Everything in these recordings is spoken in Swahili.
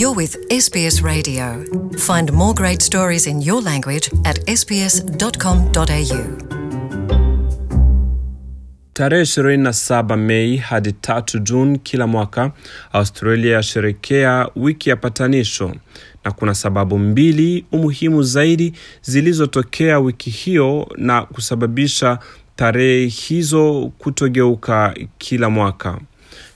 You're with SBS Radio. Find more great stories in your language at sbs.com.au. Tarehe 27 Mei hadi 3 Juni kila mwaka Australia yasherekea wiki ya patanisho, na kuna sababu mbili umuhimu zaidi zilizotokea wiki hiyo na kusababisha tarehe hizo kutogeuka kila mwaka.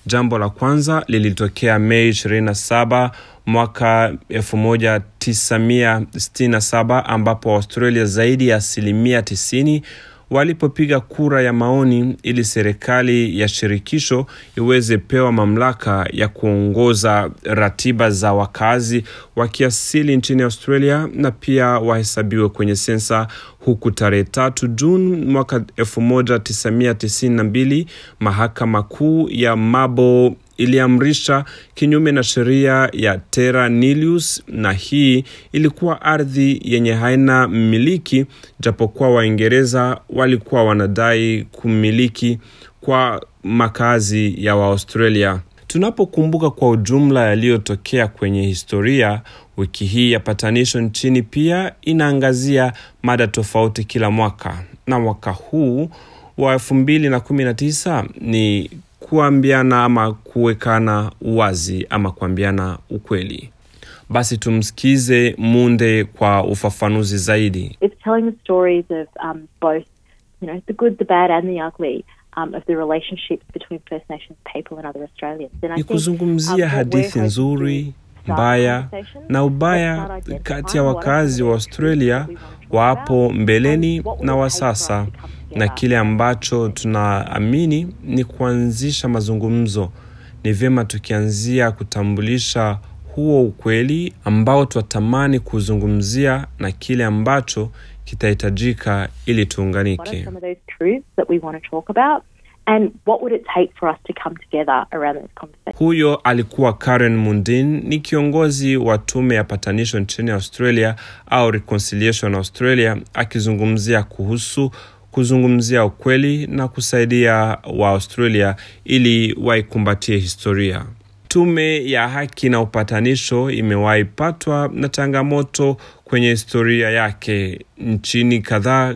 Jambo la kwanza lilitokea Mei 27 mwaka 1967 ambapo Australia zaidi ya asilimia 90 walipopiga kura ya maoni ili serikali ya shirikisho iweze pewa mamlaka ya kuongoza ratiba za wakazi wa kiasili nchini Australia na pia wahesabiwe kwenye sensa huku tarehe tatu Juni mwaka 1992 mahakama kuu ya Mabo iliamrisha kinyume na sheria ya terra nilius, na hii ilikuwa ardhi yenye haina mmiliki, japokuwa Waingereza walikuwa wanadai kumiliki kwa makazi ya Waaustralia. Tunapokumbuka kwa ujumla yaliyotokea kwenye historia, wiki hii ya patanisho nchini pia inaangazia mada tofauti kila mwaka, na mwaka huu wa 2019 ni kuambiana ama kuwekana wazi ama kuambiana ukweli basi tumsikize munde kwa ufafanuzi zaidi It's telling the stories of um, both you know, the good the bad and the ugly Um, of the relationships between First Nations people and other Australians. ni kuzungumzia um, hadithi nzuri mbaya na ubaya kati ya wakazi wa Australia wa mbeleni na wa sasa, na kile ambacho tunaamini ni kuanzisha mazungumzo. Ni vyema tukianzia kutambulisha huo ukweli ambao tunatamani kuzungumzia na kile ambacho kitahitajika ili tuunganike. And what would it take for us to come together around this conversation? Huyo alikuwa Karen Mundin, ni kiongozi wa tume ya patanisho nchini Australia au Reconciliation Australia, akizungumzia kuhusu kuzungumzia ukweli na kusaidia wa australia ili waikumbatie historia. Tume ya haki na upatanisho imewahi patwa na changamoto kwenye historia yake nchini kadhaa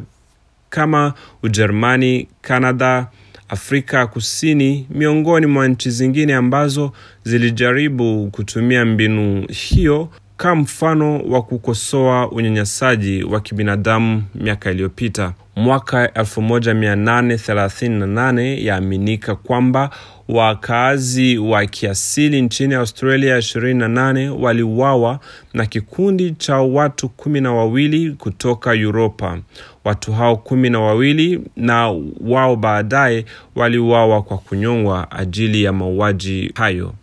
kama Ujerumani, Kanada, Afrika Kusini miongoni mwa nchi zingine ambazo zilijaribu kutumia mbinu hiyo kama mfano wa kukosoa unyanyasaji wa kibinadamu miaka iliyopita. Mwaka 1838 yaaminika kwamba wakaazi wa kiasili nchini Australia 28 waliuawa na kikundi cha watu kumi na wawili kutoka Uropa. Watu hao kumi na wawili na wao baadaye waliuawa kwa kunyongwa ajili ya mauaji hayo.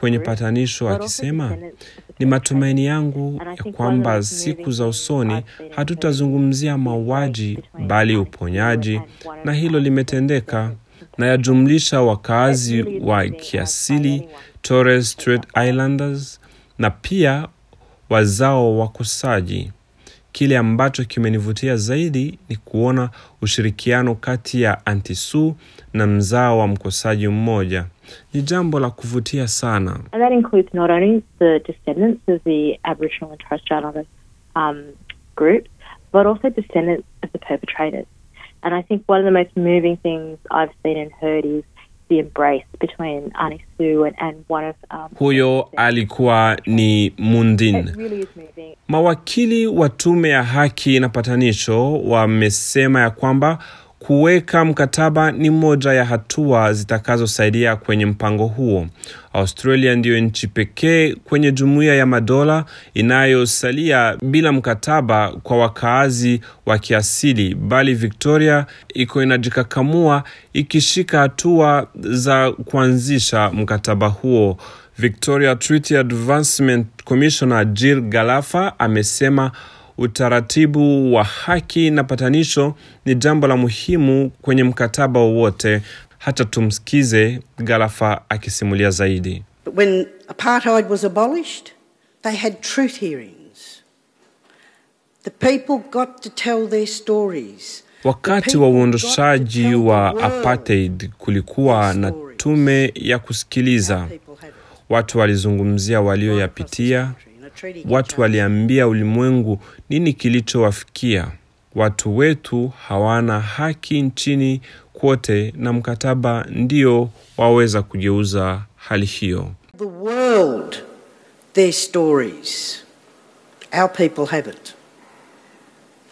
kwenye patanisho akisema, ni matumaini yangu ya kwamba siku za usoni hatutazungumzia mauaji bali uponyaji, na hilo limetendeka na yajumlisha wakazi wa kiasili Torres Strait Islanders na pia wazao wakosaji. Kile ambacho kimenivutia zaidi ni kuona ushirikiano kati ya Antisu na mzao wa mkosaji mmoja ni jambo la kuvutia sana. And that includes not only the descendants of the Aboriginal and Torres Strait Islander um, but also descendants of the perpetrators. And I think one of the most moving things I've seen and heard is the embrace between and, and one of, um, huyo alikuwa ni Mundin. Mawakili wa tume ya haki na patanisho wamesema ya kwamba Kuweka mkataba ni moja ya hatua zitakazosaidia kwenye mpango huo. Australia ndiyo nchi pekee kwenye jumuiya ya madola inayosalia bila mkataba kwa wakaazi wa kiasili, bali Victoria iko inajikakamua ikishika hatua za kuanzisha mkataba huo. Victoria Treaty Advancement Commissioner Jill Galafa amesema utaratibu wa haki na patanisho ni jambo la muhimu kwenye mkataba wowote. Hata tumsikize Galafa akisimulia zaidi. But when apartheid was abolished, they had truth hearings. The people got to tell their stories. Wakati wa uondoshaji wa apartheid kulikuwa na tume ya kusikiliza. Watu walizungumzia walioyapitia Watu waliambia ulimwengu nini kilichowafikia. Watu wetu hawana haki nchini kwote, na mkataba ndio waweza kugeuza hali hiyo. The world, their stories. Our people haven't.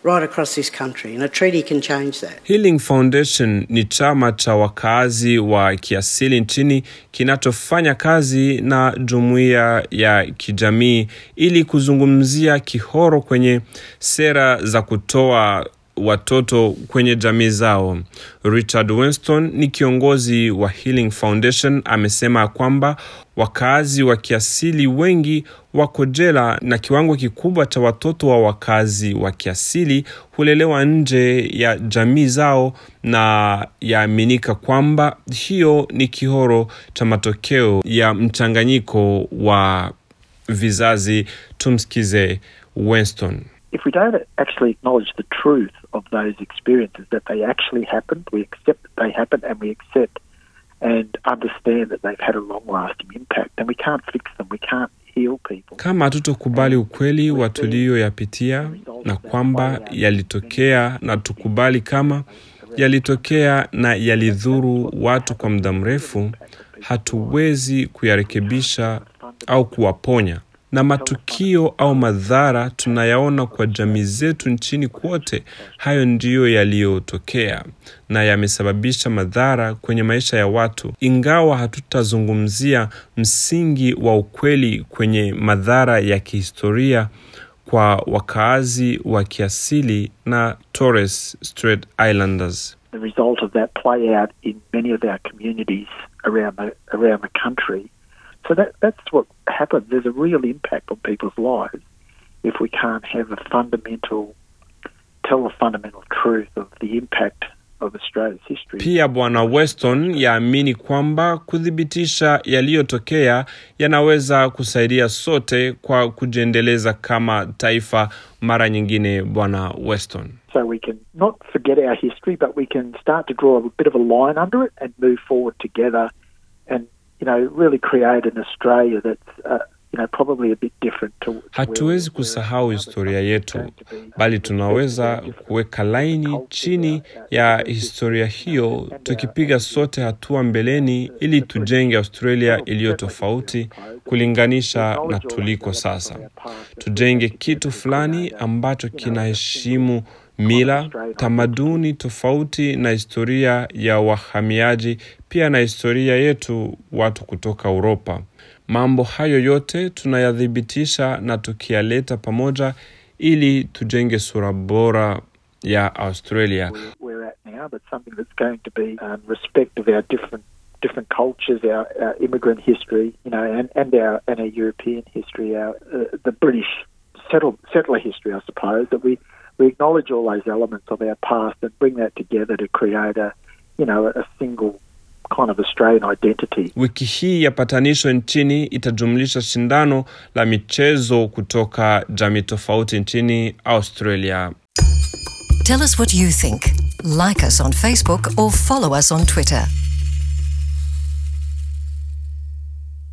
Right across this country, and a treaty can change that. Healing Foundation ni chama cha wakazi wa kiasili nchini kinachofanya kazi na jumuiya ya kijamii ili kuzungumzia kihoro kwenye sera za kutoa watoto kwenye jamii zao. Richard Winston ni kiongozi wa Healing Foundation, amesema kwamba wakazi wa kiasili wengi wako jela na kiwango kikubwa cha watoto wa wakazi wa kiasili hulelewa nje ya jamii zao, na yaaminika kwamba hiyo ni kihoro cha matokeo ya mchanganyiko wa vizazi. Tumsikize Winston if we don't actually acknowledge the truth of those experiences, that they actually happened, we accept that they happened and we accept and understand that they've had a long lasting impact, and we can't fix them. We can't heal people. Kama hatutokubali ukweli wa tuliyoyapitia na kwamba yalitokea na tukubali kama yalitokea na yalidhuru watu kwa muda mrefu, hatuwezi kuyarekebisha au kuwaponya na matukio au madhara tunayaona kwa jamii zetu nchini kote. Hayo ndiyo yaliyotokea na yamesababisha madhara kwenye maisha ya watu, ingawa hatutazungumzia msingi wa ukweli kwenye madhara ya kihistoria kwa wakaazi wa kiasili na Torres Strait Islanders. The result of that play out in many of our communities around the, around the country. So that, that's what happens. There's a real impact on people's lives if we can't have a fundamental, tell the fundamental truth of the impact of Australia's history. Pia Bwana Weston yaamini kwamba kuthibitisha yaliyotokea yanaweza kusaidia sote kwa kujiendeleza kama taifa. Mara nyingine, Bwana Weston. So we can not forget our history, but we can start to draw a bit of a line under it and move forward together and you know, really create an Australia that's, uh, hatuwezi kusahau historia yetu, bali tunaweza kuweka laini chini ya historia hiyo, uh, tukipiga uh, sote hatua mbeleni, ili tujenge Australia iliyo tofauti kulinganisha na tuliko sasa, tujenge kitu fulani ambacho kinaheshimu mila, tamaduni tofauti na historia ya wahamiaji, pia na historia yetu watu kutoka Uropa. Mambo hayo yote tunayathibitisha na tukiyaleta pamoja ili tujenge sura bora ya Australia. Um, settler history, I suppose that we we acknowledge all those elements of our past and bring that together to create a, you know, a single kind of Australian identity. Wiki hii ya patanisho nchini itajumlisha shindano la michezo kutoka jamii tofauti nchini Australia. Tell us what you think. Like us on Facebook or follow us on Twitter.